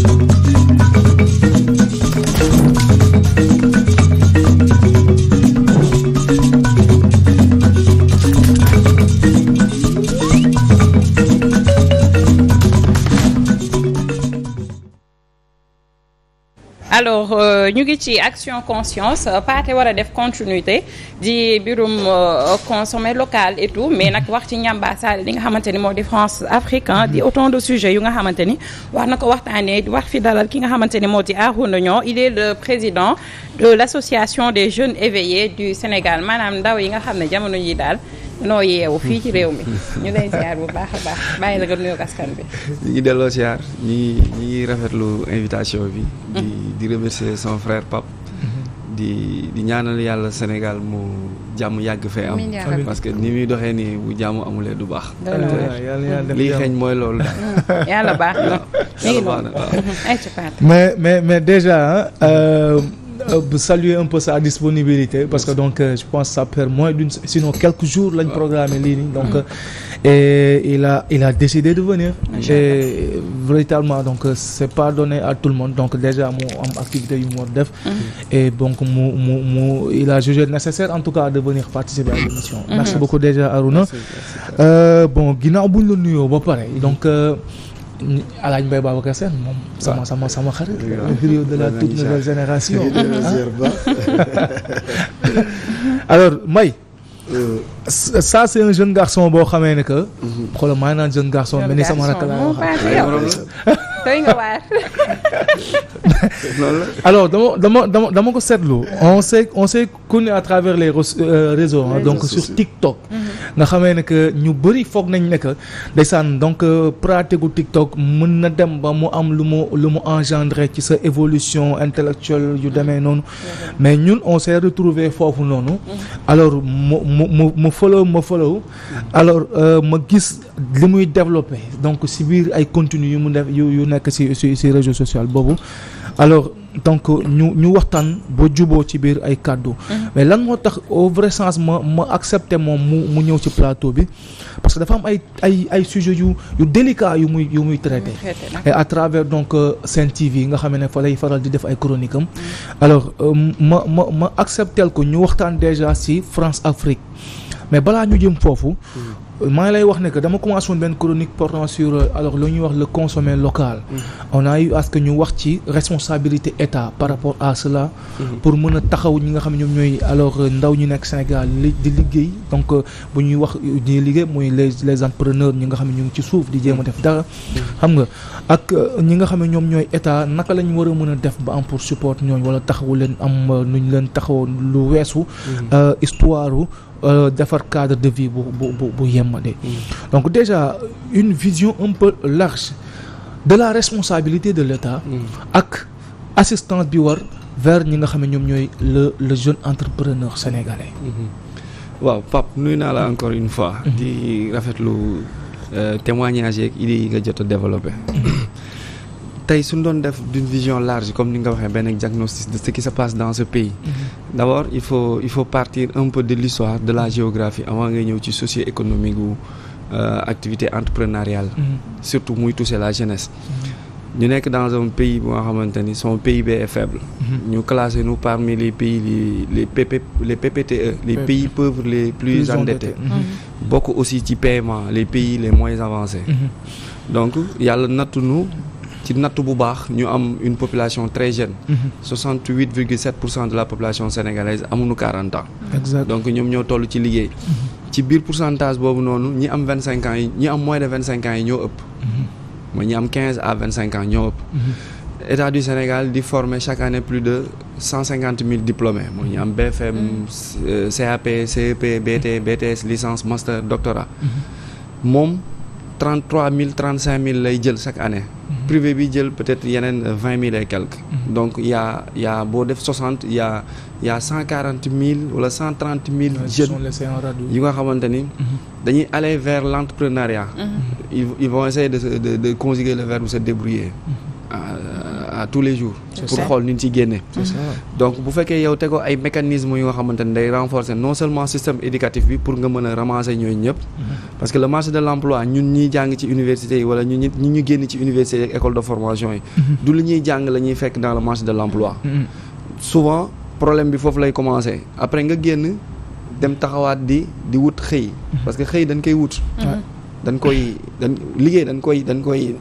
Thank you. alors euh, ñu ngi ci action conscience euh, paate war a def continuité di birum euh, consommer local et tout mais nag wax ci ñambaasaale li nga xamante ni moo di France Afrique di mhm. autant de sujets yu nga xamante ni wax na ko waxtaanee wax fi dalal ki nga xamante ni moo di Arouna Niang il est le président de l'association des jeunes éveillés du Sénégal maanaam ndaw yi nga xam ne jamono yi daal noo e yeewu fii ci réew mi ñu lay ziar bu baax a baax bàyyi la nga nuyoog askan bi. ñu ngi delloo ziar ñi ñu ngi rafetlu invitation bi. di di remercier son frère Pape. di di ñaanal yàlla Sénégal mu jàmm yàgg fee am. parce que ni muy doxee nii bu jàmm amulee du baax. lii xeeñ mooy loolu daal. Mm. yàlla baax na. mais mais déjà. Euh, Euh, saluer un peu sa disponibilité parce que donc euh, je pense ça perd moins d'une sinon quelques jours lañ programmé lii nii donc mm. euh, il a décidé de venir et véritablement donc c'est pas donné à tout le monde donc déjà mu am activité yu mu war mm. et donc mu mu mu il a jugé nécessaire en tout cas de venir participer à l'émission mm-hmm. merci beaucoup déjà Aruna bon ginnaaw buñ la nuyoo ba pare donc alaaj bay Babacar Sène moom ah. sama sama sama xarit le de la toute nouvelle génération ah. alors may euh. ça c'est un jeune garçon boo xamee ne que mhm. xoolal maa ngi naan jeune garçon mais ni sama rakk laa wax doy nga waar. dama dama dama dama ko seetlu on s'est on s'est à travers les réseaux euh, donc sur TikTok. Mhm. nga xamee ne ñu bëri foog nañ ne que ndeysaan donc euh, pratique gu TikTok mën na dem ba mu am lu mu lu mu engendré ci sa évolution intellectuelle yu demee noonu. Mhm. mais ñun on s'est retrouvé foofu noonu. Mhm. alors mu mu mu follow ma follow alors euh, ma gis li muy développé donc si biir ay contenu yu mu def yu yu nekk ci ci ci réseau social boobu alors donc ñu ñu waxtaan ba juboo ci biir ay kàddu mhm. mais lan moo tax au vrai sens ma ma accepté moom mu mu ñëw ci plateau bi parce que dafa am ay ay ay sujets yu yu délicat yu muy yu muy traité et à travers donc euh, Sen TV nga xam ne fa lay faral di def ay chronique am mhm. alors euh, ma ma ma accepté ko ñu waxtaan déjà ci France Afrique mais balaa ñu jëm foofu mhm. maa ngi lay wax ne que dama commencé woon benn chronique portant sur euh, alors lu ñuy wax le consommer local. Mm-hmm. on a eu que ñu wax ci responsabilité état par rapport à cela. Mm-hmm. pour mën a taxaw ñi nga xam ne ñoom ñooy alors euh, ndaw ñu nekk Sénégal li di liggéey donc euh, bu ñuy wax di liggéey mooy les les entrepreneurs ñi nga xam ne ñu ngi ci suuf di jéem def dara. Mm-hmm. xam nga ak ñi nga xam ne ñoom ñooy état naka lañ war a mën a def ba am pour support ñooñu wala taxawu leen am ñu leen taxawoon lu weesu histoire. Euh, defar cadre de vie bu bu bu bu yemale mm. donc déjà une vision un peu large de la responsabilité de l'État mm. ak assistance bi war vers ñi nga xam ne ñoom ñooy le le jeune entrepreneur sénégalais mm-hmm. waaw Pape nuyu naa la mm. encore une fois mm-hmm. di rafetlu euh, témoignage yi nga jot a développé mm-hmm. tey suñ doon def d'une vision large comme ni nga waxee benn diagnostic de ce qui se passe dans ce pays mhm. d'abord il faut il faut partir un peu de l'histoire de la géographie avant nga ñëw ci socio-économique wu euh, activité entrepreneuriale mhm. surtout muy toucher la jeunesse mhm. ñu nekk dans un pays bu nga xamante ni son PIB est faible ñu classé nous parmi les pays les PP les PPTE les e, e. pays pauvres les plus endettés bokk aussi ci paiement les pays les moins avancés donc ci natt bu baax ñu am une population très jeune. 68 mhm. virgule 7 pour cent de la population sénégalaise amuñu 40 ans. Exact. donc ñoom ñoo toll ci liggéey. Mhm. ci biir centage boobu noonu ñi am 25 ans yi am moins de 25 ans yi ñoo ëpp. Mhm. mooy ñi am 15 à 25 ans ñoo ëpp. état du Sénégal di former chaque année plus de 150 000 diplômés mooy ñi am BFM CAP CEP BT BTS licence master doctorat moom. mille 000 35 mille lay jël chaque année. Mhm. privé bi jël peut-être yeneen vingt mille et quelques. Mhm. donc y' a boo def soixante y' a y' a cent quarante mille wala cent trente mille jeunes yi nga xamante ni. Mhm. dañuy aller vers l' entrepreneuriat. il ils vont de de de conjuguer le verbe se débrouiller. Ah, tous les jours pour xool ni ñu ci génnee donc bu fekkee yow tegoo ay mécanismes yoo xamante ne renforcer non seulement système éducatif bi pour nga mën a ramasser ñooñu ñëpp mm-hmm. parce que le marché de l'emploi ñun ñuy jàng ci université yi wala ñu ñi génn ci université yi école de formation yi mm-hmm. du li jàng la ñuy fekk dans le marché de l'emploi mm-hmm. souvent problème bi foofu lay commencer après nga génn dem taxawaat di di wut xëy parce que xëy dañ koy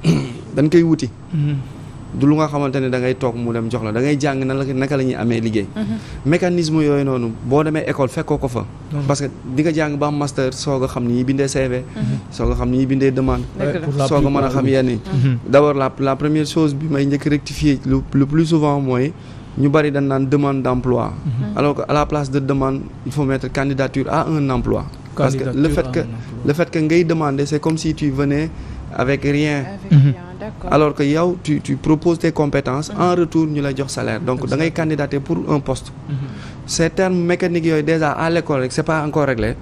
du lu nga xamante ne da ngay toog mu dem jox la da ngay jàng na la naka la amee liggéey. Mhm. mécanisme yooyu noonu boo demee école fekkoo ko fa. parce que di jàng ba master soog a xam ni ñuy bindee CV. Mhm. soog a xam ni ñuy bindee demande. soog a mën a xam yenn yi. Mhm. la la première chose bi may njëkk rectifier lu le plus souvent mooy. ñu bari dañ demande d'emploi. alors que à la place de demande il faut mettre candidature à un emploi. parce que le alors que yow tu tu proposes tes compétences mhm. en retour ñu la jox salaire donc da ngay candidater pour un poste mhm. ces termes mécaniques yooyu déjà à l'école rek c'est pas encore réglé mhm.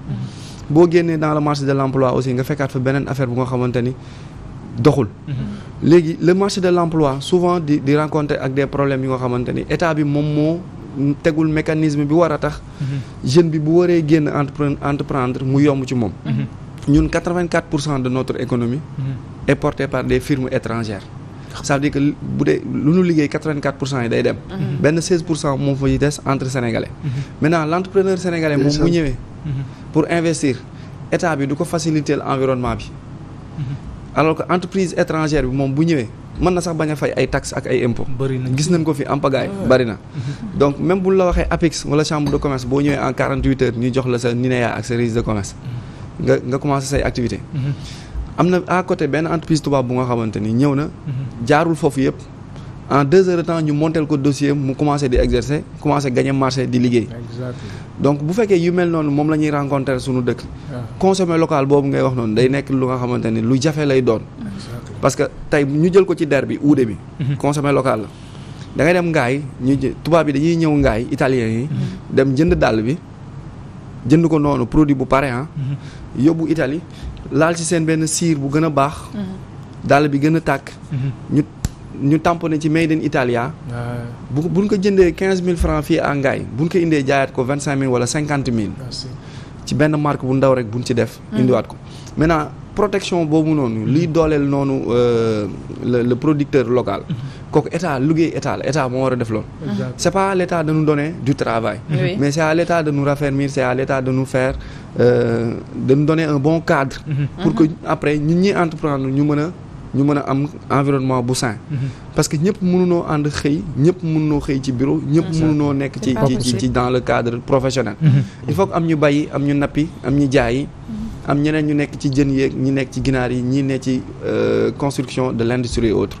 boo génnee dans le marché de l'emploi aussi nga fekkaat fa beneen affaire bu nga xamante doxul léegi le marché de l'emploi souvent di di rencontrer ak de problèmes yu nga xamante ni état bi moom moo tegul mécanisme bi war a tax jeune bi bu waree génn entreprendre mu yomb ci moom ñun 84 pour cent de notre est porté par des firmes étrangères ça veut dire que bu dee lu ñu liggéey 84 pour cent yi day dem mhm. benn 16 pour cent moom fa ñu des entre sénégalais mhm. maintenant l' entrepreneur sénégalais moom mu ñëwee mhm. pour investir état bi du ko faciliter l'environnement bi alors que entreprise étrangère bi moom bu ñëwee mën na sax bañ a fay ay tax ak ay impôts gis nañ ko fi en pagaille bari na donc même bu la waxee APEX wala chambre de commerce boo ñëwee en 48 heures ñu jox la sa NINEA ak sa registre de commerce nga commencé say activité am na à côté benn entreprise tubaab bu nga xamante ni ñëw na. Mhm. jaarul foofu yëpp en deux heures de temps ñu montel ko dossier mu commencé di exercer commencé gagner marché di liggéey. donc bu fekkee yu mel noonu moom la ñuy rencontrer suñu dëkk. Ah. consommer local boobu ngay wax noonu day nekk lu nga xamante ni lu jafe lay doon. parce que tey ñu jël ko ci der bi uude bi. Mhm. consommer local la da dem ngaay ñu tubaab bi dañuy ñëw ngaay italien yi. Mhm. dem jënd dàll bi. jënd ko noonu produit bu pare ah. Mhm. yóbbu Italie laal ci seen benn siir bu gën a baax. Mhm. dàll bi gën a tàkk. Mhm. ñu ñu tamponné ci made den Italia. bu buñ ko jëndee quinze mille francs fii à Ngaye buñ ko indee jaayaat ko vingt cinq mille wala cinquante mille. ci benn marque bu ndaw rek buñ ci def. indiwaat ko maintenant protection boobu noonu. liy dooleel noonu euh, le producteur local. kooku état liggéey état la état moo war a def loolu. c' pas à l' état du travail. mais c' à l' état raffermir c' à l' état de nous faire euh, bon cadre. Mm-hmm. pour que après ñun ñi entreprendre ñu mën a a am environnement bu sain. Mm-hmm. parce que ñëpp mënunoo ànd xëy ñëpp mënunoo xëy ci bureau. ñëpp mënunoo nekk ci dans le cadre professionnel. Mm-hmm. il faut que am ñu bàyyi am ñu nappi am ñu jaayi. am ñeneen ñu nekk ci jën yeeg ñi nekk ci ginaar yi ñi nekk ci euh,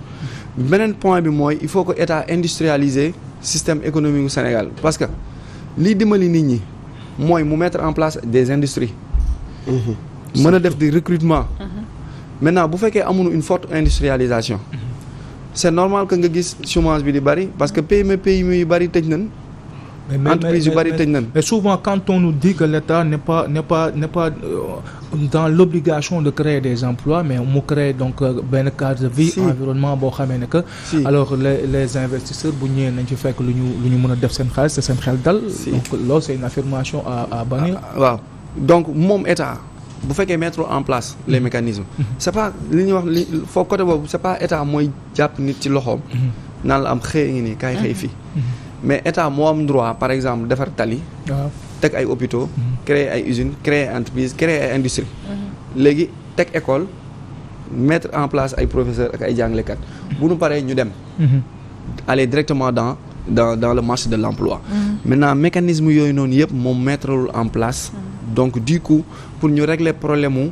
beneen point bi mooy il faut que état industrialiser système économie gu Sénégal parce que liy dimbali nit ñi mooy mu mettre en place des industries. Mm-hmm. mën a def di recrutement. Mm-hmm. maintenant bu fekkee amuñu une forte industrialisation. c'est normal que nga gis chômage bi di bari parce que mm-hmm. PME PMI yu bari tëj nañ. entreprise yu bari tëj nañ mais souvent quand on nous dit que l'État n'est pas n'est pas n'est euh, dans l'obligation de créer des emplois mais mu créer donc euh, benn cadre de vie environnement boo xamee ne que alors les les investisseurs bu ñëwee nañ ci fekk lu ñu lu ñu mën a def seen xaalis seen xel dal donc loolu c'est une affirmation à à ah, ah, waaw donc moom État bu fekkee mettre en place les mm-hmm. mécanismes mm-hmm. c'est pas li ñuy wax li foo côté boobu c'est pas État mooy jàpp nit ci loxoom mm-hmm. naan la am xëy mais état moo am droit par exemple defar tali. waaw teg ay hôpitaux. Mhm. créer ay usines créer entreprise créer ay industrie mhm. léegi teg école mettre en place ay professeurs ak ay jàngalekat bu nu paree ñu dem. Mhm. aller directement dans dans dans le marché de l'emploi. maintenant mécanisme yooyu noonu yëpp moom mettre en place. donc du coup pour ñu régler problème mu.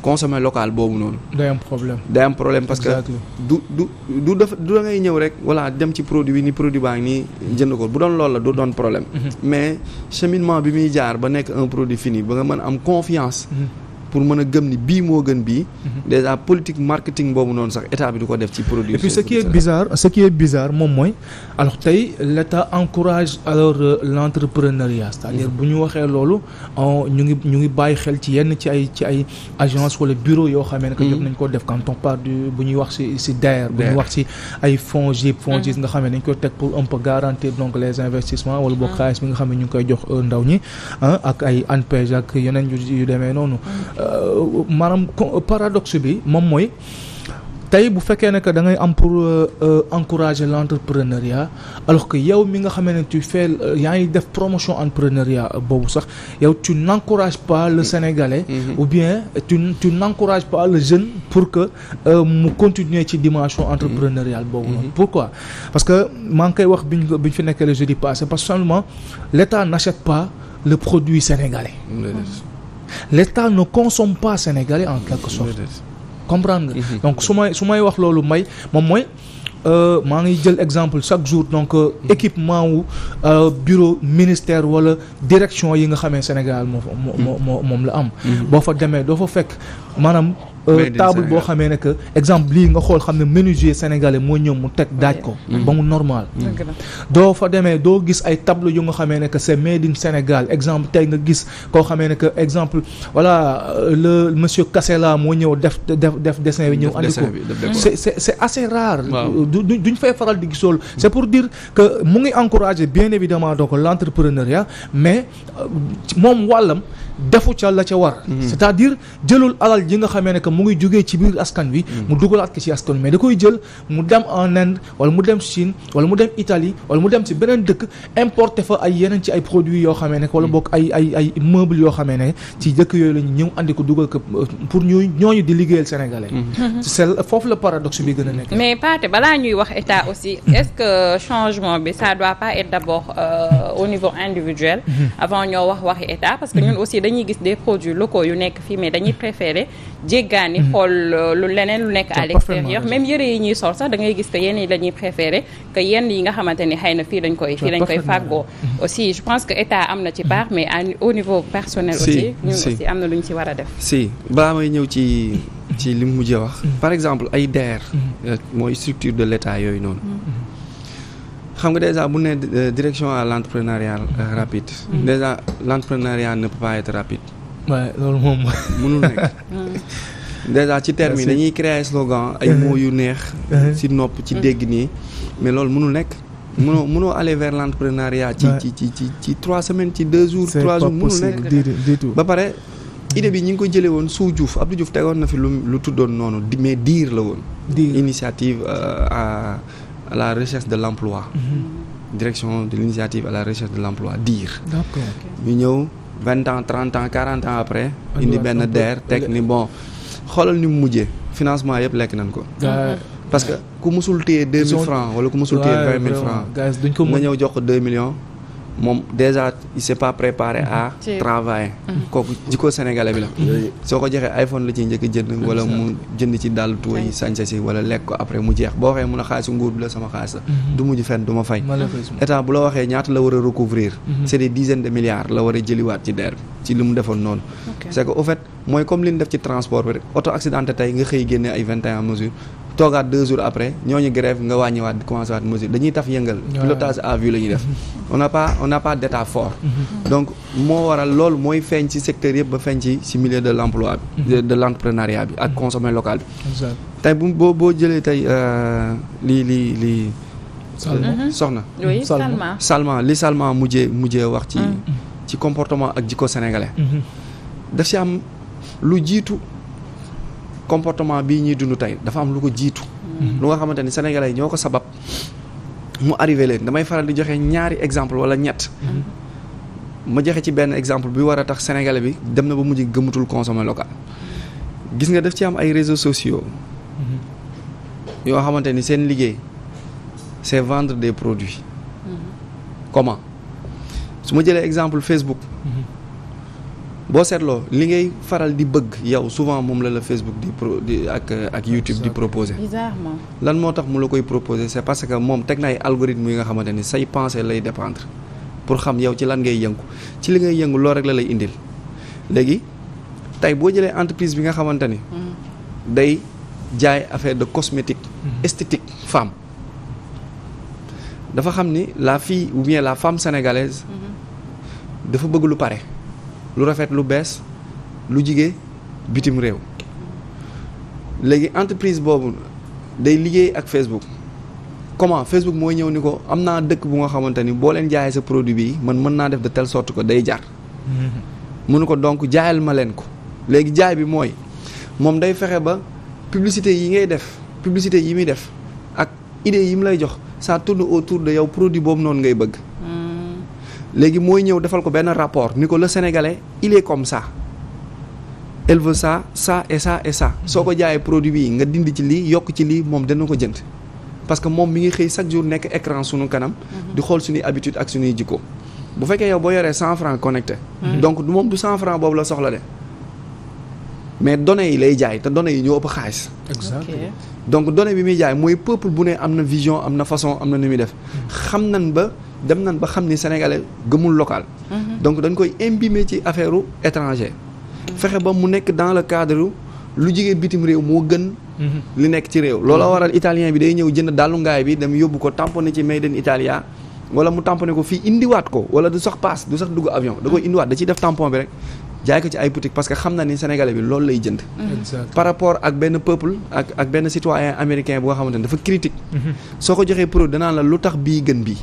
consommer local boobu noonu. day am problème day am problème parce Exactement. que. du du du du da ñëw rek voilà dem ci produit bi ni produit baa ngi nii jënd ko bu doon loolu la du doon problème. Mhm. mais cheminement bi muy jaar ba nekk un produit fini ba nga mën am confiance. Mhm. pour mën a gëm ni bii moo gën bii. Mhm. déjà politique marketing boobu noonu sax état bi du ko def ci produit. et puis ce qui est bizarre ce qui est bizarre moom mooy alors tey l' encourage alors euh, l' entrepreneuriat. c' dire mhm. bu ñu waxee loolu ñu ngi ñu ngi bàyyi xel ci yenn ci ay ci ay agence wala bureau yoo xamee ne mhm. nañ ko def quand on parle du bu ñu wax si si DER. bu wax si ay fonds GIP fonds GIS nga xam ne dañ koy teg pour un peu garantir donc les investissements wala boog ah. xaalis bi nga xam ne ñu ngi koy jox euh, ndaw ñi ak ay ANPEJ ak yeneen yu demee noonu. Euh, maanaam paradox bi moom mooy tey bu fekkee ne que da ngay am pour euh, euh, encourager l' entrepreneuriat alors que yow mi nga xamee ne tu fais yaa ngi def promotion entrepreneuriat boobu sax yow tu n' encourages pas le mm-hmm. sénégalais. Mm-hmm. ou bien tu tu n' encourages pas le jeune pour que mu continuer ci dimension mm-hmm. entrepreneuriale boobu noonu. pourquoi parce que maa ngi koy wax bi ñu bi ñu fi nekkee le jeudi passé parce que seulement l' état pas le produit sénégalais. l'État ne consomme pas sénégalais en quelque sorte comprendre mhm. donc su may su may wax loolu may moom mooy euh, maa ngi jël exemple chaque jour donc euh, mhm. équipement wu euh, bureau ministère wala direction yi nga xamee Sénégal moo moo moom la am mhm. boo fa demee doo fa fekk maanaam Euh, table boo xamee ne exemple lii nga xool xam ne menuisier sénégalais moo ñëw mu teg daaj ko mm-hmm. Mm-hmm. ba mu normal mm-hmm. doo fa demee doo gis ay tableau yu nga xamee ne que c'est made in Sénégal exemple tey nga gis koo xamee ne que exemple voilà euh, le monsieur Kassela moo ñëw def def def dessin bi ñëw andi ko c'est c'est c'est assez rare euh, du duñ fay faral di gisool c'est pour dire que mu ngi encourager bien évidemment donc l'entrepreneuriat mais moom wàllam defu ca la ca war mhm. c'est-à-dire jëlul alal ji nga xamee ne mu ngi jógee ci biir askan wi mhm. mu dugalaat ko ci askan wi mais da koy jël mu dem en Inde wala mu dem Chine wala mu dem Italie wala mu dem ci beneen dëkk importé fa ay yeneen ci ay produits yoo xamee ne wala mhm. bokk ay ay meubles yoo xamee ne ci dëkk yooyu la ñu ñëw ko dugal ko euh, pour ñuy ñooñu di liggéeyal sénégalais foofu la paradoxe bi gën a nekk mais Pate balaa ñuy wax état aussi est-ce que changement bi ça doit pas dañuy gis des produits locaux yu nekk fii mais dañuy préférer jéggaani mhm. xool euh, lu leneen lu nekk à l'extérieur même yëre yi ñuy sol sax da ngay gis que yenn yi la ñuy préférer yenn yi nga xamante ni xëy na fii dañ koy dañ koy fàggoo mhm. aussi je pense que état am na ci mhm. part mais au niveau personnel aussi ñun aussi am na lu ñu ci war a def si balaa may ñëw ci ci li mu mujjee wax par exemple ay DER euh, mooy structure de l'état yooyu noonu xam nga déjà bu ne euh, direction à l'entrepreneuriat euh, rapide. Mm-hmm. déjà l'entrepreneuriat ne peut pas être rapide. loolu moom mënul nekk. déjà ci terme yi dañuy créer slogan ay mots yu neex. Mm-hmm. ci nopp ci mm-hmm. dégg nii mais loolu mënul nekk. mënoo mënoo aller vers l'entrepreneuriat. ci ci ci ci ci trois semaines ci deux jours. trois jours mënul nekk ba pare. idée bi ñu ngi ko jëlee woon sous Diouf Abdou Diouf tegoon na fi lu lu tuddoon noonu mais diir la woon. diir initiative euh, à la recherche de l'emploi mhm. direction de l'initiative à la recherche de l'emploi DIR ñu ñëw vingt ans trente ans quarante ans après indi benn DER teg ni bon xoolal ni mu mujjee financement yëpp lekk nañ ko mhm. parce que ku mosul téye deux mille francs wala ku musul téye vingt mille francs nga ñëw jox ko deux millions moom déjà il s'est pas préparé à mm-hmm. travailler mm-hmm. kooku jikko sénégalais bi la soo ko joxee iPhone la ciy njëkk jënd wala mu jënd ci dàll tuwa yi sañse si wala lekk ko après mu jeex boo waxee mun a xaalisu nguur bi la sama xaalis la mm-hmm. du mujj fenn du ma fay état bu la waxee ñaata la war a recouvrir c'est des dizaines de milliards la war a jëliwaat ci der ci li mu defoon noonu c'est que mooy comme li ñu def ci transport bi rek auto accidenté tey nga xëy génne ay vingt toogaat deux jours après ñooñu grève nga wàññiwaat commencé waat mesure dañuy taf yëngal pilotage à vue def on n'a pas fort mm-hmm. donc moo waral loolu mooy feeñ ci secteur yëpp ba feeñ ci ci de l'emploi bi de mm-hmm. l'entrepreneuriat bi ak mm-hmm. consommer local bi tey boo boo jëlee tey lii lii lii soxna Salma li Salma mujjee mujjee wax ci mm. ci comportement ak jikko sénégalais daf ci am lu jiitu comportement bii ñuy dund tey dafa am lu ko jiitu. lu nga xamante ni yi ñoo ko sabab mu arrivé leen damay faral di joxe ñaari exemple wala ñett. ma joxe ci benn exemple bi war a tax sénégalais bi dem na ba mujj gëmatul consommer local. gis nga daf ci am ay réseaux sociaux. yoo xamante ni seen liggéey c'est vendre des produits. Mm-hmm. comment su ma jëlee exemple Facebook. Mm-hmm. boo seetloo li ngay faral di bëgg yow souvent moom la la Facebook di pro ak ak YouTube di proposer lan moo tax mu la koy proposer c'est parce que moom teg na ay algorithme yi nga xamante ni say pensée lay dépendre pour xam yow ci lan ngay yëngu ci li ngay yëngu loolu rek la lay indil léegi tey boo jëlee entreprise bi nga xamante ni. Mm. day jaay affaire de cosmétique. Mm-hmm. esthétique femme. dafa xam ni la fille ou bien la femme sénégalaise. Mm-hmm. dafa bëgg lu pare. lu rafet lu bees lu jigee bitim réew léegi entreprise boobu day liggéey ak Facebook comment Facebook mooy ñëw ni ko am naa dëkk bu nga xamante ni boo leen jaayee sa produit bi man mën naa def de telle sorte que day jar mënu mm-hmm. ko donc jaayal ma leen ko léegi jaay bi mooy moom day fexe ba publicité yi ngay def publicité yi muy def ak idée yi mu lay jox ça tourne autour de yow produit boobu noonu ngay bëgg mm-hmm. léegi mooy ñëw defal ko benn rapport ni ko la sénégalais il est comme ça elle veut ça ça et ça et soo ko jaayee produit bi nga dindi ci lii yokk ci lii moom dana ko jënd parce que moom mi ngi xëy chaque jour nekk écran sunu kanam mhm. di xool suñuy habitude ak suñuy jikko bu fekkee yow boo yoree cent franc connecté mhm. donc moom du cent franc boobu la soxla de mais données yi lay jaay te données yi ñoo ëpp xaalis. exactement donc données bi muy jaay mooy peuple bu ne am na vision am na façon am na nu muy def. xam nañ ba dem nañ ba xam ni sénégalais gëmul local. Mhm. donc dañ koy imbimer ci affaire étranger. fexe ba mu nekk dans le cadre lu jigéen bitim réew moo gën. Mhm. li nekk ci réew. loola mhm. waral italien bi day ñëw jënd dalu ngaay bi dem yóbbu ko tamponné ci made in Italia. wala mu tamponné ko fii indiwaat ko wala du sax paas du sa dugg avion da koy indiwaat da ciy def tampon bi rek jaay ko ci ay parce que xam na ni sénégalais bi loolu lay jënd. par rapport ak benn peuple ak ak benn citoyen américain boo xamante ne dafa critique mhm. soo ko joxee produit danaan la lu tax bii gën bi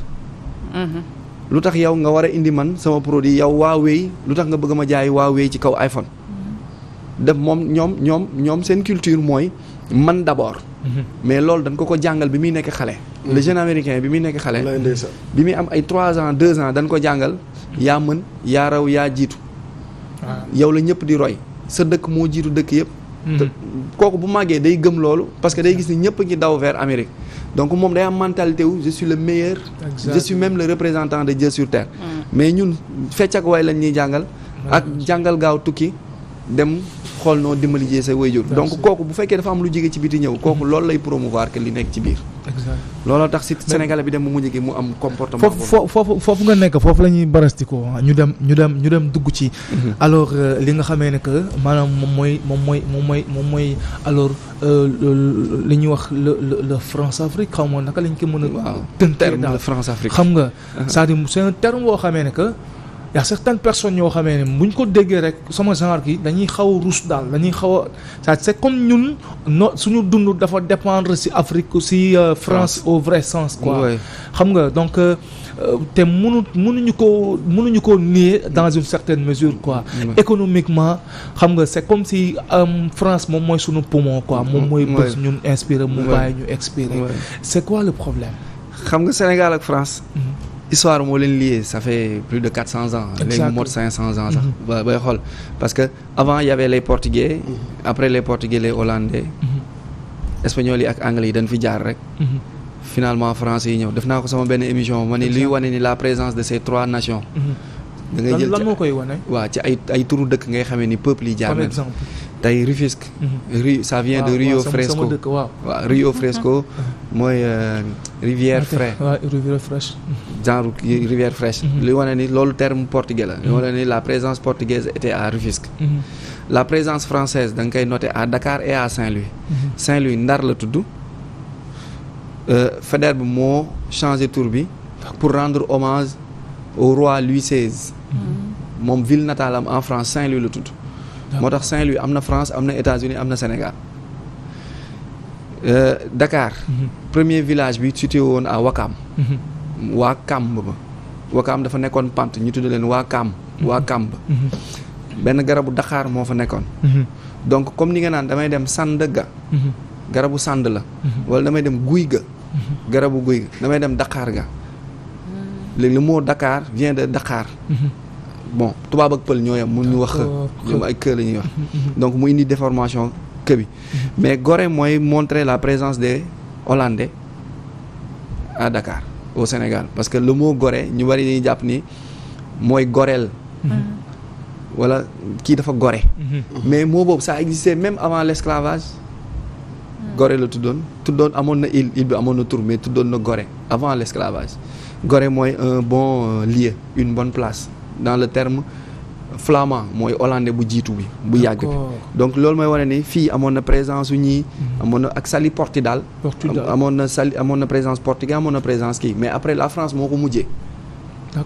mhm. lu tax yow nga war a indi man sama produit yow Huawei lu tax nga bëgg ma jaay Huawei ci kaw iPhone. Mhm. def moom ñoom ñoom ñoom seen culture mooy man d'abord. mais loolu dañ ko ko jàngal bi muy nekk xale. le jeune américain bi muy nekk xale. bi muy am ay trois ans deux ans dañ ko jàngal. yaa mën yaa yaa jiitu. yow la ñëpp di roy sa dëkk moo jiitu dëkk yëpp mhm. kooku bu màggee day gëm loolu parce que day gis ni ñëpp ngi daw vers Amérique donc moom day am mentalité wu je le meilleur Exactement. je suis même le représentant de Dieu terre mm. mais ñun fecc ak way lañ ñuy jàngal ak jàngal gaaw tukki dem xool noo dimbali jee say wayjur donc kooku bu fekkee dafa am lu jege ci biti ñëw kooku loolu lay promouvoir que li nekk ci biir looloo tax si Sénégalais bi dem ba mujj gi mu am comportement foofu nga nekk foofu la barastikoo ah, ñu dem ñu dem ñu dem dugg ci mhm. alors euh, li nga xamee ne que moom mooy moom euh, li ñuy wax le le France Afrique xaw ma naka lañ ko mën a tënkee daal France Afrique xam nga mhm. c'est-à-dire c'est boo xamee ne y a certaines personnes yoo xamee ne buñ ko déggee rek sama genre ki dañuy xaw a ruus daal dañuy xaw a c'est comme ñun no suñu dund dafa dépendre ci Afrique ci euh, France au vrai sens quoi xam nga donc euh, euh, te munu mënuñu ko mënuñu ko nier dans une certaine mesure quoi économiquement xam nga c'est comme si France moom mooy suñu poumon quoi moom mooy bës ñun inspiré mu bàyyi ñu expiré c'est quoi le problème xam nga Sénégal ak France mhm. histoire moo leen lié ça fait plus de quatre cents ans léegi mot cinq cents ans sax mm-hmm. ba bay xool parce que avant y avait portugais mm-hmm. après les portugais les hollandais mm-hmm. espagnols yi ak anglais yi dañ fi jaar rek finalement français yi ñëw def naa ko sama benn émission ma ni luy wane ni la présence de ces trois nations da jël ci ay turu dëkk ngay xamee ni peuple yi jaar nañ tey Rufisque Mm-hmm. Rio ça vient de Rio Fresco mm-hmm. mooy euh, rivière fraîche. waaw rivière rivière fraîche. Mm-hmm. loolu terme portugais la. li wane ni la présence portugaise était à Rufisque. la présence française da nga koy noter à Dakar et à Saint-Louis. Saint-Louis Ndar la tudd. Euh, Faidherbe moo changé tur bi pour rendre hommage au roi Louis XVI. moom ville natale en France Saint-Louis la tudd. moo tax Saint-Louis am na France am na États-Unis am na Sénégal euh, Dakar mhm. premier village bi situé woon à Wakam mhm. waa Kamb ba Wakam dafa nekkoon pant ñu tudd leen waa Kamb waa mhm. benn garabu Dakar moo fa nekkoon donc comme ni nga naan damay dem Sandaga garabu sànd la wala damay dem guy ga garabu guy damay dem Dakar ga hmm. léegi le mot Dakar vient de Dakar bon tubaab ak pël ñoo yem mun ñu wax ay kër la ñuy wax donc mu indi déformation kë mais Gorée mooy montrer la présence des Hollandais à Dakar au Sénégal parce que lu mot Gorée ñu bari dañuy jàpp ni mooy goreel mmh. walla kii dafa Gorée mmh. mais moo boobu ça existait même avant l'esclavage mmh. Gorée la tuddoon tuddoon amoon na île île bi amoon na tur mais tuddoon na Gorée avant l'esclavage Gorée mooy un bon euh, lieu une bonne place dans le terme flamand mooy hollandais bu jiitu bi bu yàgg bi donc loolu mooy wane ni fii amoon na présence yu ñii mhm. amoon na ak Sali Porti daal amoon na Sali amoon na présence portugais amoon na présence kii mais après la France moo ko mujjee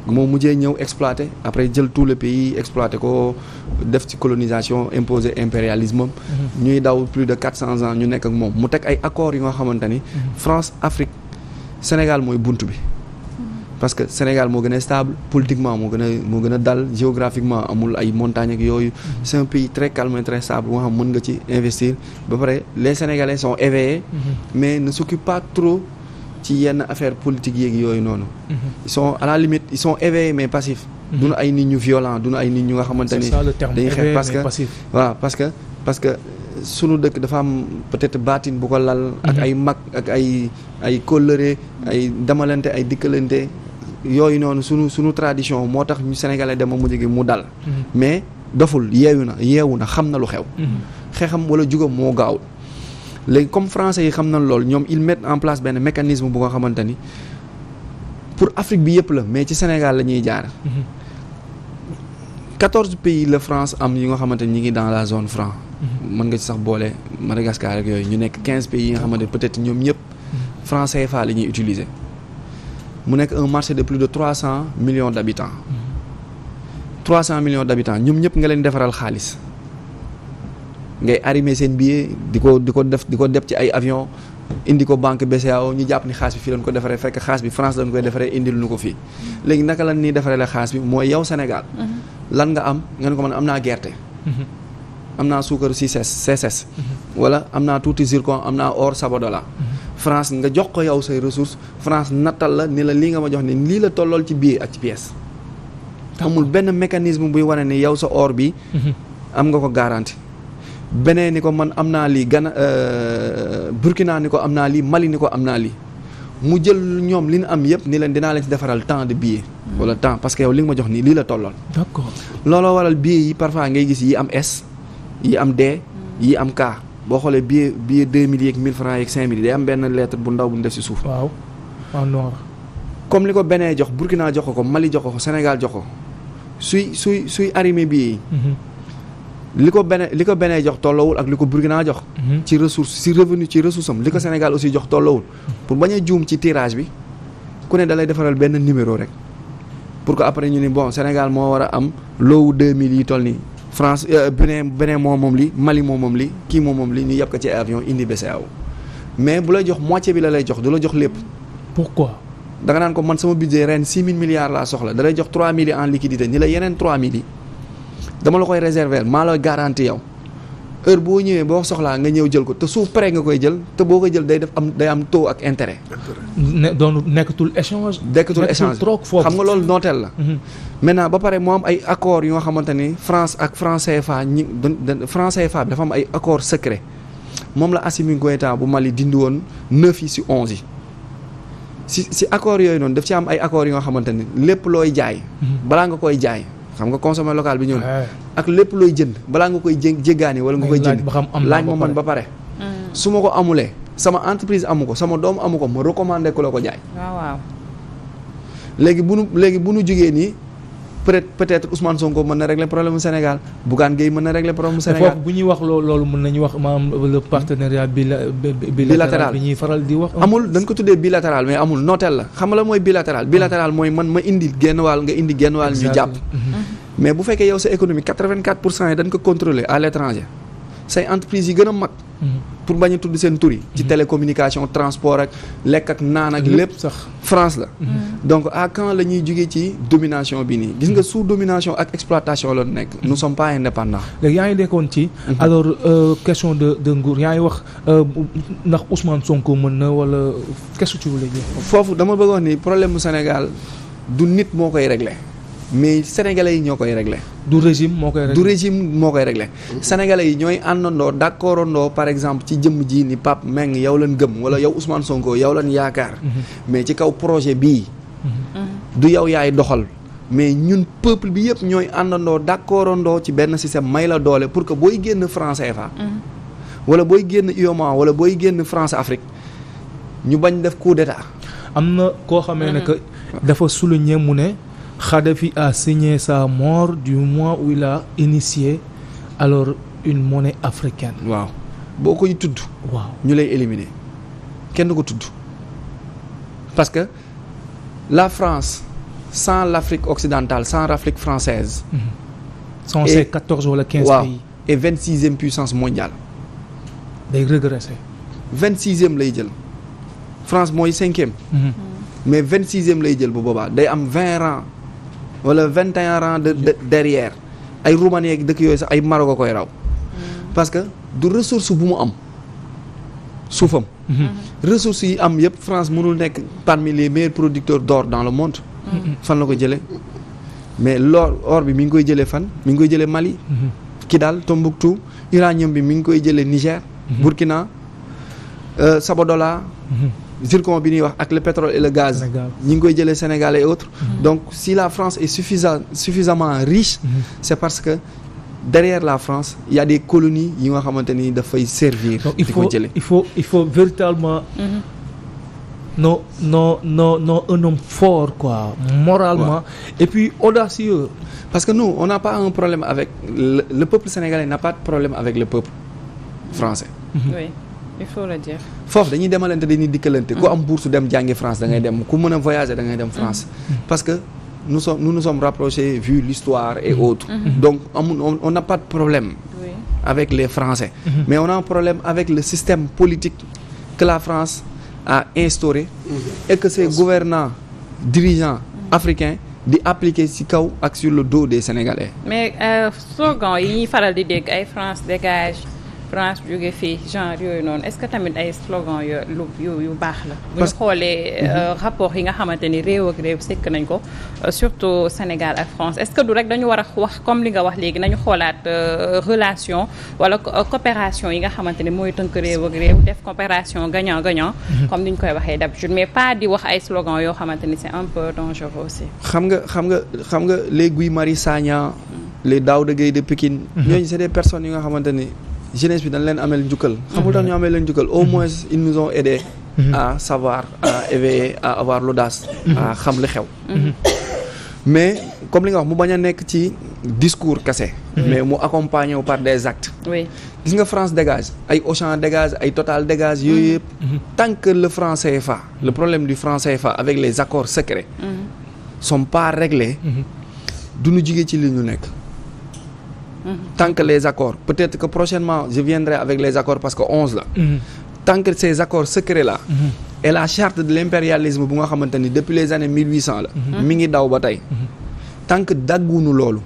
moo mujjee ñëw exploité après jël tout le pays exploité ko def ci colonisation impose impérialisme mhm. ñuy daw plus de quatre cents ans ñu nekk ak moom mu teg ay accords yi nga xamante ni mhm. France Afrique Sénégal mooy bunt bi parce que Sénégal moo gën a stable politiquement moo gën a moo gën a dal géographiquement amul ay montagnes ak yooyu c'est un pays très calme et très stable boo xam mën nga ci investir ba pare les Sénégalais sont éveillés mhm. mais ne s'occupent pas trop ci yenn affaire politique yeeg yooyu noonu mhm. ils sont à la limite ils sont éveillés mais passifs mhm. duñu ay nit ñu violents duñu ay nit ñu nga xamante ni dañuy xeex parce que waaw parce que parce que sunu dëkk dafa am peut-être baatin bu ko lal ak ay mag ak ay ay kóllëre ay damalante yooyu noonu sunu sunu tradition moo tax ñu sénégalais dama mujj gi mu dal. Mhm. mais doful yeewu na yeewu na xam na lu xew. Mhm. xeexam wala jugam moo gaaw léegi comme français yi xam na loolu ñoom ils mettent en place benn mécanisme bu nga xamante ni pour Afrique bi yëpp la mais ci Sénégal la ñuy jaar. Mhm. quatorze pays la France am yi nga xamante ni ñu ngi dans la zone franc. mën nga ci sax boole Madagascar ak yooyu ñu nekk quinze pays yi nga xamante peut-être ñoom ñëpp. franc CFA la ñuy utiliser. mu nekk un marché de plus de trois cent millions d' trois cent millions d' habitants ñoom ñëpp nga leen defaral xaalis ngay arrimer seen billet di ko di ko def di ko def ci ay avion indi ko banque BCEAO ñu jàpp ni xaas bi fii lañ ko defaree fekk xaas bi France lañ koy defaree indil ñu ko fii léegi naka lan nii defaree la xaas bi mooy yow senegal mm-hmm. lan nga am nga ne ko man am naa gerte mm-hmm. am naa suukar si ses CSS mm-hmm. wala am naa tuuti zircon am naa or Sabodala France nga jox ko yow sa ressources France nattal la ni la lii nga ma jox ni lii la tollool ci biir ak ci pièce amul benn mécanisme buy wane ni yow sa or bi mhm. am nga ko garanti beneen ni ko man am naa lii Ghana euh, Burkina ni ko am naa lii Mali ni ko am naa lii mu jël ñoom li ñu am yëpp ni leen dinaa leen ci defaral temps de billet wala temps parce que yow li nga ma jox nii lii la tollool d'accord looloo waral billet yi parfois ngay gis yi am S yi am D mhm. yi am K boo xoolee bii billet deux mille yeeg mille francs yeeg cinq mille day am benn lettre bu ndaw bu ñu def si suuf. waaw en noir. comme li ko Bénin jox Burkina jox ko Mali jox ko jox ko suy suy suy arrimer billet yi. Mhm. li ko Bénin li ko beneen jox tolloowul ak li ko Burkina jox. Mhm. ci ressource si revenu ci ressource am li ko mhm. senegal aussi jox tolloowul. pour bañ a ci tirage bi ku ne dalay defaral benn numéro rek pour que après ñu ni bon Sénégal moo war a am loowu deux mille yi toll nii. France euh, beneen beneen moo moom li Mali moo moom li kii moo moom li ñu yàpp ko ci avion indi BCEAO mais bu lay jox moitié bi la lay jox du la jox lépp. pourquoi. da nga naan ko man sama budget ren 6000 milliards laa soxla da lay jox mille en liquidité ni la yeneen 3000 yi dama la koy réserver maa la garanti yow. heure boo ñëwee boo soxlaa nga ñëw jël ko te suuf pare nga koy jël te boo ko jël day def am day am taux ak intérêt. ne doon nekkatul échange. nekkatul échange xam nga loolu nooteel la. Mhm. maintenant ba pare moo am ay accords yoo xamante ni France ak franc CFA ñi franc CFA dafa am ay accords secret moom la Assimi Goïta bu Mali dindi woon neuf yi si onze yi. si si accords yooyu noonu daf ci am ay accords yoo xamante ni lépp looy jaay. Mhm. balaa nga koy jaay. xam nga consommer local bi ñëw eh. ak lépp looy jënd balaa nga koy jé jéggaani wala nga koy jënd laaj ma man ba pare mm. su ma ko amulee sama entreprise amu ko sama doom amu ko ma recommandé ku la ko jaay waaw waaw léegi bu nu léegi bu nu jugee nii peut-être peut-être Ousmane Sonko mën na régler problème mu Sénégal Bougane Gueye mën na régler problème mu Sénégal. bu ñuy wax loolu loolu mën nañu wax maanaam le partenariat bilatéral bi ñuy faral di wax. amul dañ ko tuddee bilatéral mais amul nooteel la xam nga la mooy bilatéral. bilatéral mooy man ma indi genn wàll nga indi genn wàll ñu jàpp. Mhm. mais bu fekkee yow sa économie 84 pour cent yi dañ ko contrôler à l'étranger say entreprises yi gën a mag. pour bañ a tudd seen tur yi. ci mhm. télécommunication transport ak lekk ak naan ak lépp sax France la. Mhm. Mhm. donc à quand la ñuy jugee ci domination bi nii gis nga sous domination ak exploitation la nekk. nous sommes pas indépendants. léegi yaa ngi nekkoon ci. alors euh, question de de nguur yaa ngi wax euh, ndax Ousmane sonk mën na wala kesu ce que tu foofu dama bëggoon ni problème mu Sénégal du nit moo koy régler. mais sénégalais yi ñoo koy réglé. du régime moo koy réglé du moo koy réglé. Mm-hmm. sénégalais yi ñooy àndandoo d'accordandoo par exemple ci jëm ji ni Pape Meng yow lañ gëm wala yow Ousmane Sonko yow lañ yaakaar. Mm-hmm. mais ci kaw projet bii. Mm-hmm. du yow yaay doxal. mais ñun peuple bi yëpp ñooy àndandoo d'accordandoo ci benn système may la doole pour que booy génn France CFA. wala booy génn UEMOA wala booy génn France Afrique ñu bañ def coup d'état. am na koo xamee ne que dafa souligner mu ne. Kadhafi a signé sa mort du mois où il a initié alors une monnaie africaine. waaw boo koy tudd. waaw ñu lay éliminer kenn du ko tudd parce que la France sans l'Afrique occidentale sans l'Afrique française. Mmh. sont ces quatorze wala quinze pays. et vingt sixième puissance mondiale. day régresser. vingt sixième lay jël France mooy cinquième. Mmh. mais vingt sixième lay jël bu boobaa day am vingt rangs. wala vingt et un rangs de derrière ay Roumanie dëkk yooyu sax ay Maroc a koy raw mm. parce que du ressource bu mu am suufam mm-hmm. mm-hmm. ressources yi am yëpp France mënul nekk parmi les meilleurs producteurs d'or dans le monde mm-hmm. fan la ko jële mais l'or or bi mi ngi koy jëlee fan mi ngi koy jëlee Mali Kidal Tombouctou uranium bi mi ngi koy jëlee Niger Burkina euh, Sabodola zircon bi ñuy wax ak le pétrole et le gaz ñi ngi koy jëlee Sénégal et autres mm-hmm. donc si la France est suffisa suffisamment riche mm-hmm. c'est parce que derrière la France il y des colonies yi nga xamante ni dafay servir di ko il faut il faut véritablement mm-hmm. non non non fort quoi moralement ouais. et puis audacieux parce que nous on n'a pas un problème avec le, le peuple sénégalais n'a pas de problème avec le peuple français il faut le dire. foofu dañuy demalante dañuy dikkalante. ku mm. am bourse dem jàngi France da ngay dem mm. ku mën a voyager da dem France. Mm. parce que nous sommes nous nous l'histoire et autres. Mm-hmm. donc on n'a pas problème. avec les Français. Mm-hmm. mais on a problème avec le système politique que la France a instauré. Mm-hmm. et que ses gouvernants dirigeants africains. di appliquer ci kaw ak sur le dos des Sénégalais. mais euh, slogan yi ñuy faral di dégg ay France dégage. branche bu jógee fii genre yooyu noonu est-ce que tamit ay slogan yu yu yu baax la. bu ñu xoolee euh, rapport yi nga xamante ni réew ak réew sekk nañ ko euh, surtout Sénégal ak France est-ce que du rek dañu war a wax comme li nga wax léegi nañu xoolaat euh, relation wala coopération yi nga xamante ni mooy tënk réew ak réew def coopération gagnant gagnant. Mhm. comme ni ñu koy waxee d'habitude mais pas di wax ay slogan yoo xamante ni c'est un peu dangereux aussi. xam nga xam nga xam nga les Guy Marius Sagna mm. les Daouda Gueye de Pikine. Mhm. ñooñu c'est des personnes yi nga xamante ni. jeunesse bi dañ leen amel njukkal. xamul tax ñu amee leen njukkal au moins ils nous ont aidé. savoir à éveiller à avoir l'audace xam li xew. mais comme li nga wax mu bañ a nekk ci discours kese. mais mu accompagné wu par des actes. gis nga France dégage ay Auchan dégage ay Total dégage yooyu yëpp. Mm-hmm. Mm-hmm. tant que le franc CFA le problème du franc CFA avec les accords secrets. Mm-hmm. sont pas réglés. du ñu jigee ci li ñu nekk. Mhm. tant que les accords peut-être que prochainement je viendrai avec les accords parce que onze la mhm. tant ces accords secrets là mhm. et la charte de l'impérialisme bu nga xamante ni depuis les années mille huit cent la mi ngi daw ba tey tant que daggunu loolu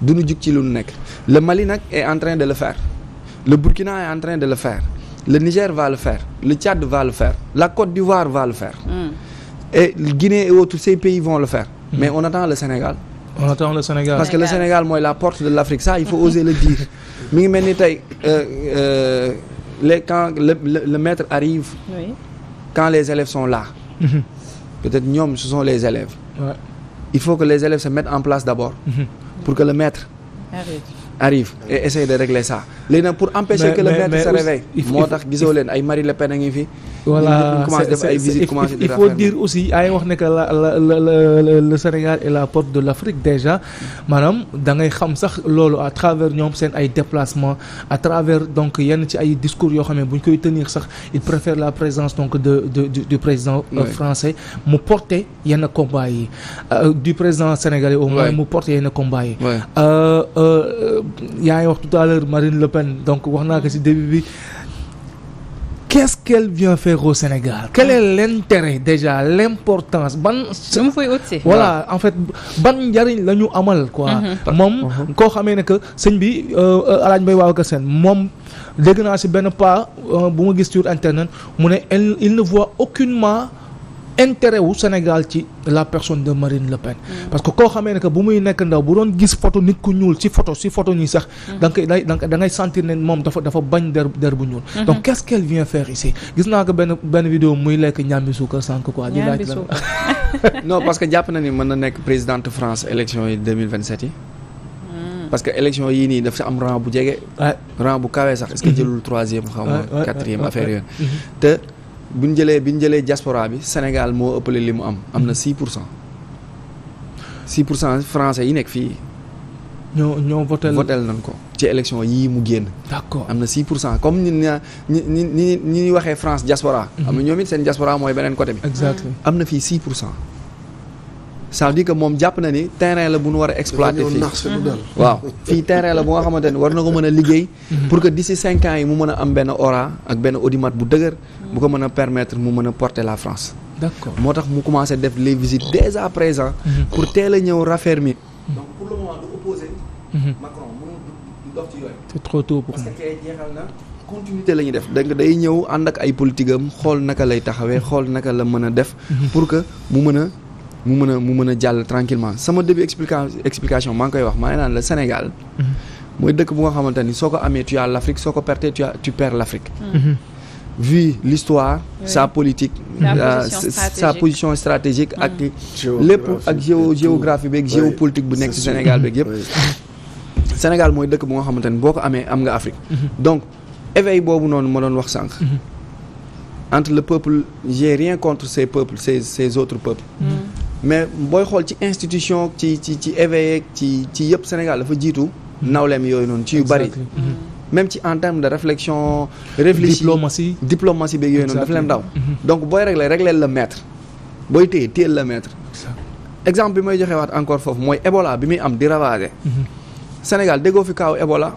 du ñu jug ci lu nekk le Mali nag est en de le faire le Burkina est en de le faire le Niger va le faire le Tchad va le faire la Côte d'Ivoire va le faire et Guinée et autres ces pays vont le faire mais on attend le Sénégal on attend le Sénégal parce que le Sénégal mooy la porte de l'Afrique ça il faut oser le dire mi ngi mel ni tey euh, euh, les quand le, le, le maître arrive quand les élèves sont là mhm. peut-être ñoom ce sont les élèves ouais. il faut que les élèves se mettent en place d'abord mhm. pour que le maître arrive et essaye de régler ça léegi pour empêcher que le maître leen ay Marie Le Pen a ngi fi voilà commence aussi wax ne que la la le Sénégal et la porte de l'Afrique déjà maanaam da ngay xam sax loolu à travers ñoom seen ay déplacement à travers donc yenn ci ay discours yoo xam ne bu ñu koy tenir sax il préfère la présence donc de de du président euh, français mu porter yenn combat yi euh, du président sénégalais au moins mu porter yenn combat yi euh, yaa ngi wax tout à l'heure Marine Le Pen donc wax naa ko ci début bi quest qu'elle vient faire au Sénégal quel est l'intérêt déjà l'importance ban voilà en fait ban njariñ la ñu amal quoi mm-hmm. moom mm-hmm. koo xamee ne que sëñ bi euh, euh, alaaj Mbaye Babacar Sène moom dégg naa ci benn pas euh, bu ma gis sur internet mu ne il ne voit aucunement intérêt wu Sénégal ci la personne de Marine Le Pen. parce que koo xamee ne que bu muy nekk ndaw bu doon gis photo nit ku ñuul ci photo ci photo ñi sax. Mm. da sentir ne moom dafa dafa bañ der der bu ñuul. Mm-hmm. donc qu'est-ce vient faire ici gis naa ko benn benn vidéo muy lekk ñàmbi suukar sànq quoi. di laaj la non parce na ni mën nekk présidente France élection yi 2027 yi. Mm. parce que élection yi nii dafa am rang bu jege. rang bu kawee sax est-ce que mm-hmm. jëlul troisième xaw ma quatrième affaire yooyu mm-hmm. bu ñu jëlee bi ñu jëlee diaspora bi Sénégal moo ëppale li mu am am na 6 pour cent 6 pour cent français yi nekk fii. ñoo ñoo votel votel nañ ko. ci élection yii mu génn. d'accord am na 6 pour cent comme ni ñu ni ñi ñi waxee France diaspora. Mhm. am na ñoom it seen diaspora mooy beneen côté bi. exactement am na fii 6 pour cent. ça veut moom jàpp na ni terrain la bu nu war a exploiter fii waaw fii terrain la bu nga xamante ni war na ko mën a liggéey pour que d'ici cinq ans yi mu mën a am benn aura ak benn audimat bu dëgër bu ko mën a permettre mu mën a porter la France d'accord moo tax mu commencé def les visites dès à présent pour teel a ñëw raffermir donc pour mhm. la ñuy def dégg nga day ñëw ànd ak ay politique am xool naka lay taxawee xool naka la mën a def mhm. pour que mu mën a mu mën a mu mën a jàll tranquillement sama début koy wax maa ngi naan la Sénégal. Mhm. mooy dëkk bu nga xamante ni soo ko amee tu as l' soo ko perte tu tu perds l' Afrique. Mhm. Mhm. vu sa politique. sa euh, position stratégique sa position stratégique ak. lépp ak géo géographie beeg géopolitique bu nekk ci Sénégal beeg yëpp. Sénégal mooy dëkk bu nga xamante ni boo ko amee am nga Afrique. donc éveil boobu noonu ma doon wax sànq. entre le peuple j'ai rien contre ces peuples ces ces autres mais booy xool ci institution ci ci ci éveillé ci ci yëpp Sénégal dafa jiitu nawleem yooyu noonu ci yu bari mm-hmm. Mm-hmm. même ci en terme de réflexion réfléchi diplomatie diplomatie beeg yooyu noonu daf leen daw mm-hmm. donc booy régler régler le maître booy téye téyel le maître exemple bi may joxewaat encore foofu mooy Ebola bi muy am di ravager Sénégal déggoo fi kaaw Ebola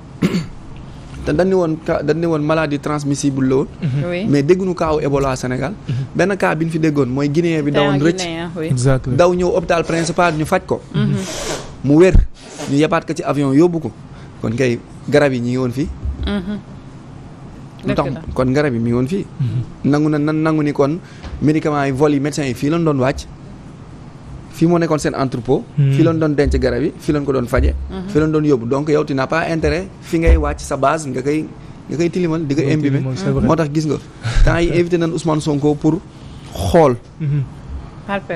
te dañ ne woon cas dañ ne woon maladie transmissible la mhm. mais dégguñu kaaw Ebola Sénégal. Mhm. benn cas bi ñu fi déggoon mooy Guinéen bi dawoon rëcc. daw ñëw hôpital principal ñu faj ko. Mhm. mu wér ñu yebaat ko ci avion yóbbu ko kon kay garab yi ñu ngi woon fii. lu tax kon garab yi mi ngi woon fii. nangu na nan nangu ni kon médicaments yi vol yi médecins yi fii lañ doon wàcc. fii moo nekkoon seen entrepôt. Hmm. fii lañ doon denc garab yi fii lañ ko doon faje hmm. fii lañ doon yóbbu donc yow tu n'as pas fi ngay wàcc sa base nga koy nga koy tilimal di ko imbibé moo tax gis nga temps yi invité nañ Ousmane Sonko pour xool. Hmm.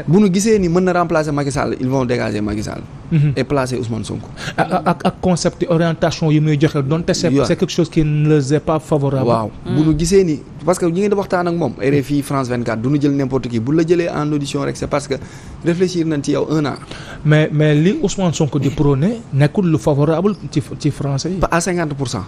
bu nu gisee ni mën na remplacer Macky ils vont dégager Macky mhm. et placer Ousmane Sonko. ak ak concept orientation yi muy joxe donte c'est quelque chose qui ne les est favorable. waaw bu nu gisee ni parce que ñi ngi waxtaan ak moom RFI mm. France 24 du nu jël n'importe bu la jëlee en audition rek c'est parce que réfléchir nañ ci yow un an. mais mais li Ousmane Sonko di prôné nekkul lu favorable ci français pas à 50 pour cent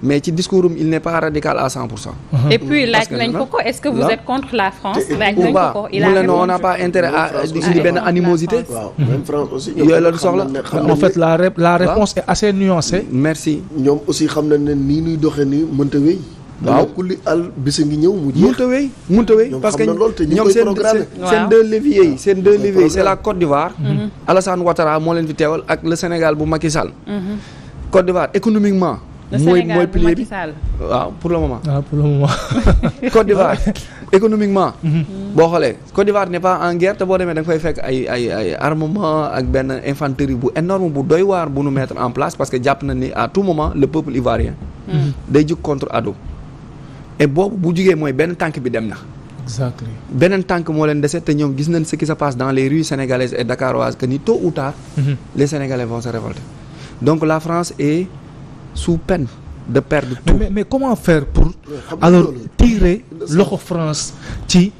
mais ci discours am il n'est pas radical à 100 pour cent. Uh-huh. et puis laaj nañ ko ko est-ce vous êtes contre la France. laaj nañ ko ko il a répondu on n'a pas intérêt à di benn animosité. yooyu la soxla en fait la la réponse est assez nuancée. merci ñoom aussi xam nañ ne nii ñuy doxee nii mënta wéy. waaw ku àll bisa ngi ñëw mu jeex. mënta wéy mënta wéy parce que ñoom seen seen deux yi seen deux leviers yi c'est la Côte d'Ivoire. Mm-hmm. Alassane Ouattara moo leen fi teewal ak le Sénégal bu Macky Sall. Mm-hmm. Côte mooy mooy pilier bi waaw pour le moment. waaw ah, pour le moment. Côte d'Ivoire économiquement. Mhm. boo xoolee Côte d'Ivoire n'est pas en guerre te boo demee da nga fekk ay ay ay armement ak benn infanterie bu énorme bu doy waar bu nu mettre en place parce que jàpp na ni à tout moment le peuple ivoirien. Mhm. day jug contre ado. et boobu bu jugee mooy benn tànk bi dem na. exactement beneen tànk moo leen dese te ñoom gis nañ ce qui se passe dans les rues sénégalaises et dakaroises que ni tôt ou tard. Mm -hmm. les sous peine de perdre tout. mais, comment faire pour alors tirer loxo France ci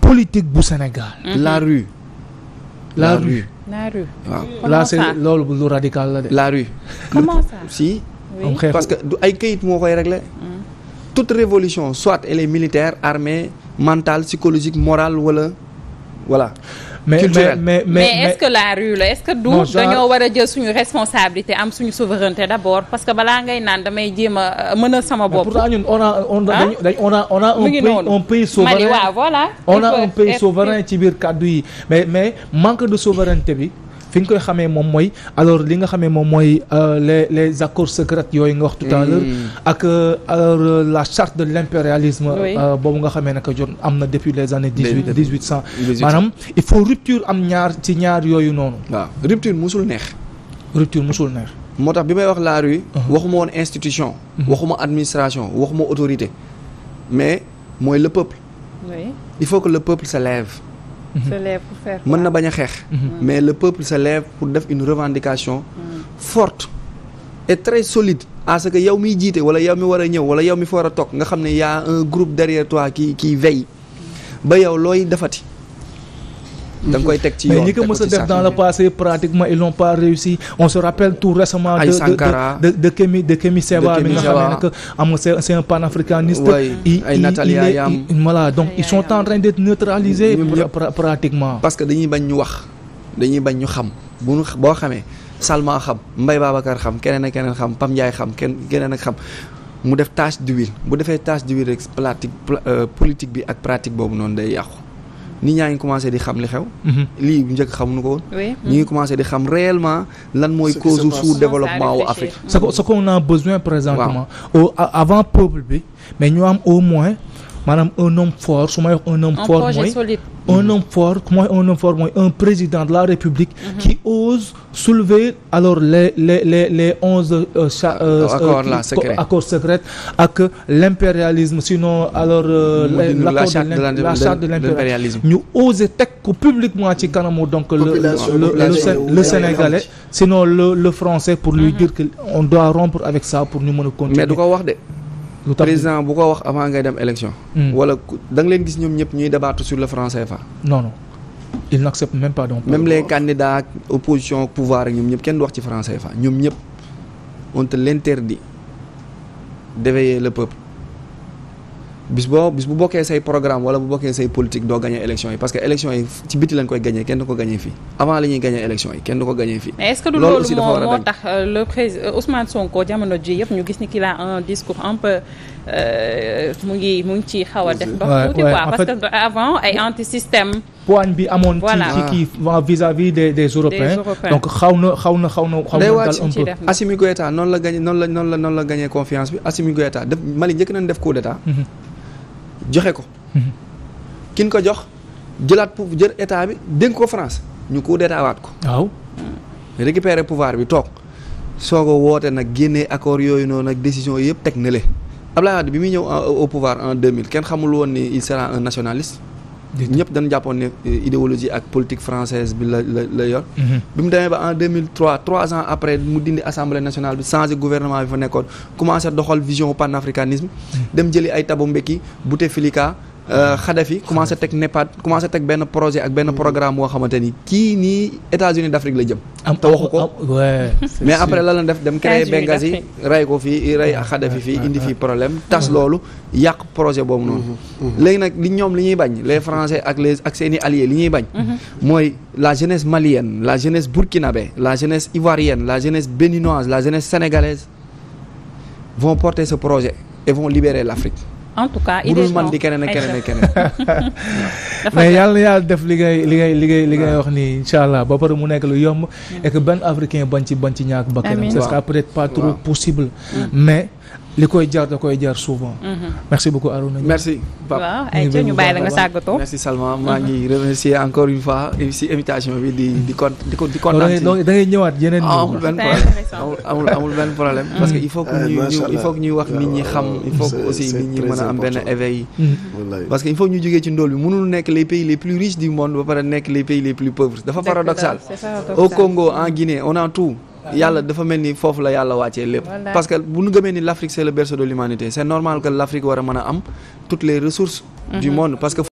politique bu Sénégal. la mm-hmm. rue. la rue la rue. la de. la rue. parce que ay kayit moo koy régler. Mm. toute révolution soit elle est militaire armée mentale psychologique morale wala voilà. mais culturel mais mais est-ce que la rue la est-ce que du dañoo war a jël suñu responsabilité am suñu souveraineté d'abord parce que balaa ngay naan damay jéema a euh, mën a sama bopp. pourtant ñun on a on a ah? on a on a un pays un pays souverain. voilà on a un pays souverain ci biir kàddu yi mais mais manque de souveranté bi. fi nga koy xamee moom mooy alors li nga xamee moom mooy euh, les les accords secrets yooyu nga wax tout à l'heure mm. ak euh, alors euh, la charte de l'impérialisme boobu nga xamee naka jot am na depuis les années dix-huit dix-huit cent maanaam il faut rupture am ñaar ci ñaar yooyu noonu waaw rupture musul neex rupture musul moo tax bi may wax la rue uh-huh. waxuma woon institution uh-huh. waxuma administration waxuma autorité mais mooy le peuple il faut que le peuple se se mën na bañ a xeex. Mm-hmm. mais le peuple se pour def une revendication mm-hmm. forte et très solide. à ce que yow miy jiite wala yow mi war a ñëw wala yow mi fa war a toog nga xam ne yaa un groupe derrière toi qui qui veille ba yow looy defati. danga koy teg ci yoon mais ñi ko mës a def dans le passé pratiquement ils n'ont pas réussi on se rappelle tout récemment. ay Sankara de de de Kémi de Seba. mi nga xam ne am nga c'est un panafricaniste. ay Natalia Yam voilà donc ils sont en train d'être pratiquement. parce que dañuy bañ ñu wax dañuy bañ ñu xam bu boo xamee Salma xam Mbaye Babacar xam keneen ak keneen xam Pam Ndiaye xam kenn keneen ak xam. mu def tâche d'huile bu defee tâche d'huile rek pratique euh, politique bi ak pratique boobu noonu day yàqu nit ñaa ngi commencé di xam li xew. Mhm. lii bu njëkk xamuñu ko woon. ñu ngi commencé di xam réellement lan mooy cause sous développement wu Afrique. ce qu'on a besoin présentement. avant peuple bi mais ñu am au moins. maanaam un homme fort su may wax un homme fort mooy un homme fort mooy un homme fort mooy un président de la république mm-hmm. qui ose soulever alors les les les les onze euh, euh, euh, accords secrets ak l'impérialisme sinon alors la charte de l'impérialisme ñu oser teg ko publiquement ci kanamu donc le le sénégalais sinon le le français pour lui mm-hmm. dire que on doit rompre avec ça pour ñu mën a continuer du ko wax de lu tax président bu ko wax avant ngay dem élection. Hmm. wala da leen gis ñoom ñëpp ñuy débattre sur le franc CFA. non non il n'accepte même pas donc. même les candidats opposition pouvoir ak ñoom ñëpp kenn du wax ci franc CFA ñoom ñëpp on te l'interdit d'éveiller le peuple. bis boo bis bu bokkee say programme wala bu bokkee say politique doo gagné élection yi parce que élection yi ci biti lañ koy gagné kenn du ko gagné fii avant la ñuy gagné élection yi kenn du ko gagné fii. loolu est-ce que du loolu moo moo tax euh, le président euh, Ousmane Sonko jamono ji yëpp ñu gis ni qu'il a un discours un peu euh, mu ngi mu ngi ciy xaw a def. ndox tuuti quoi parce que avant ay anti système. poigne bi amoon. voilà ci kii vis-à-vis des des européens. donc xaw na xaw na xaw na xaw na dal un peu. Assimi Goïta noonu la gagné noonu la noonu la noonu la gagné confiance bi Assimi Goïta def Mali njëkk nañ def coup d'état mhm. joxe ko. Mhm. kin ko jox jëlaat pour jël état bi dénk ko France ñu coup d'état ko. waaw. récupérer pouvoir bi toog soo ko wootee nag génnee accord yooyu noonu ak décision yëpp teg na le Abdoulaye Wade bi muy ñëw euh, au pouvoir en mille kenn xamul woon ni il sera nationaliste. ñëpp dañ jàppoon ne eh, idéologie ak politique française bi la la la yor mhm. bi mu demee ba en trois ans après mu dindi assemblée nationale bi changé gouvernement bi fa nekkoon commencé doxal vision panafricanisme mhm. dem jëli ay Thabo Mbeki Bouteflika Euh, Kadhafi commencé teg NEPAD commencé teg benn projet ak benn programme boo xamante ni kii nii États-Unis d'Afrique la jëm. te waxu ko mais après la lan def dem créer Benghazi rey ko fii rey ak Kadhafi fii indi fi problème tas loolu yàq projet boobu noonu. Mm-hmm. Mm-hmm. nag li ñoom li ñuy bañ les français ak les ak seeni alliés li ñuy bañ. Mm-hmm. mooy la jeunesse malienne la jeunesse burkinabé la jeunesse ivoirienne la jeunesse béninoise la jeunesse sénégalaise vont porter ce projet et vont libérer l'Afrique. en tout cas man di keneen ak mais yàlla na yàlla def li ngay li ngay li li ngay wax ni incha allah ba pare mu nekk lu yomb mm. et que benn africain bañ ci bañ ci ñaak bakkanam ce sera peut-être pas trop possible mm. mais li koy jar da koy jar souvent. Mhm. merci beaucoup Arouna. merci Pape waaw ayca ñu bàyyi la merci Salma mhm. maa ngi remercier encore une fois invitation bi di di con di ko di kontaan da ngay ñëwaat yeneen ah, amul benn problème mhm. parce que il faut que ah, ñu il faut que ñuy wax nit ñi xam. il faut que aussi nit ñi mën a am benn éveil. parce que il faut ñu jógee ci ndóol bi mënul nekk les pays les plus riches du monde ba pare nekk les pays les plus pauvres. dafa paradoxal au Congo en Guinée yàlla dafa mel ni foofu la yàlla wàccee lépp parce que bu ñu gëmee ni l'Afrique c'est le berceau de l'humanité c'est normal que l'Afrique war a mën a am toutes les ressources mhm. du monde parce que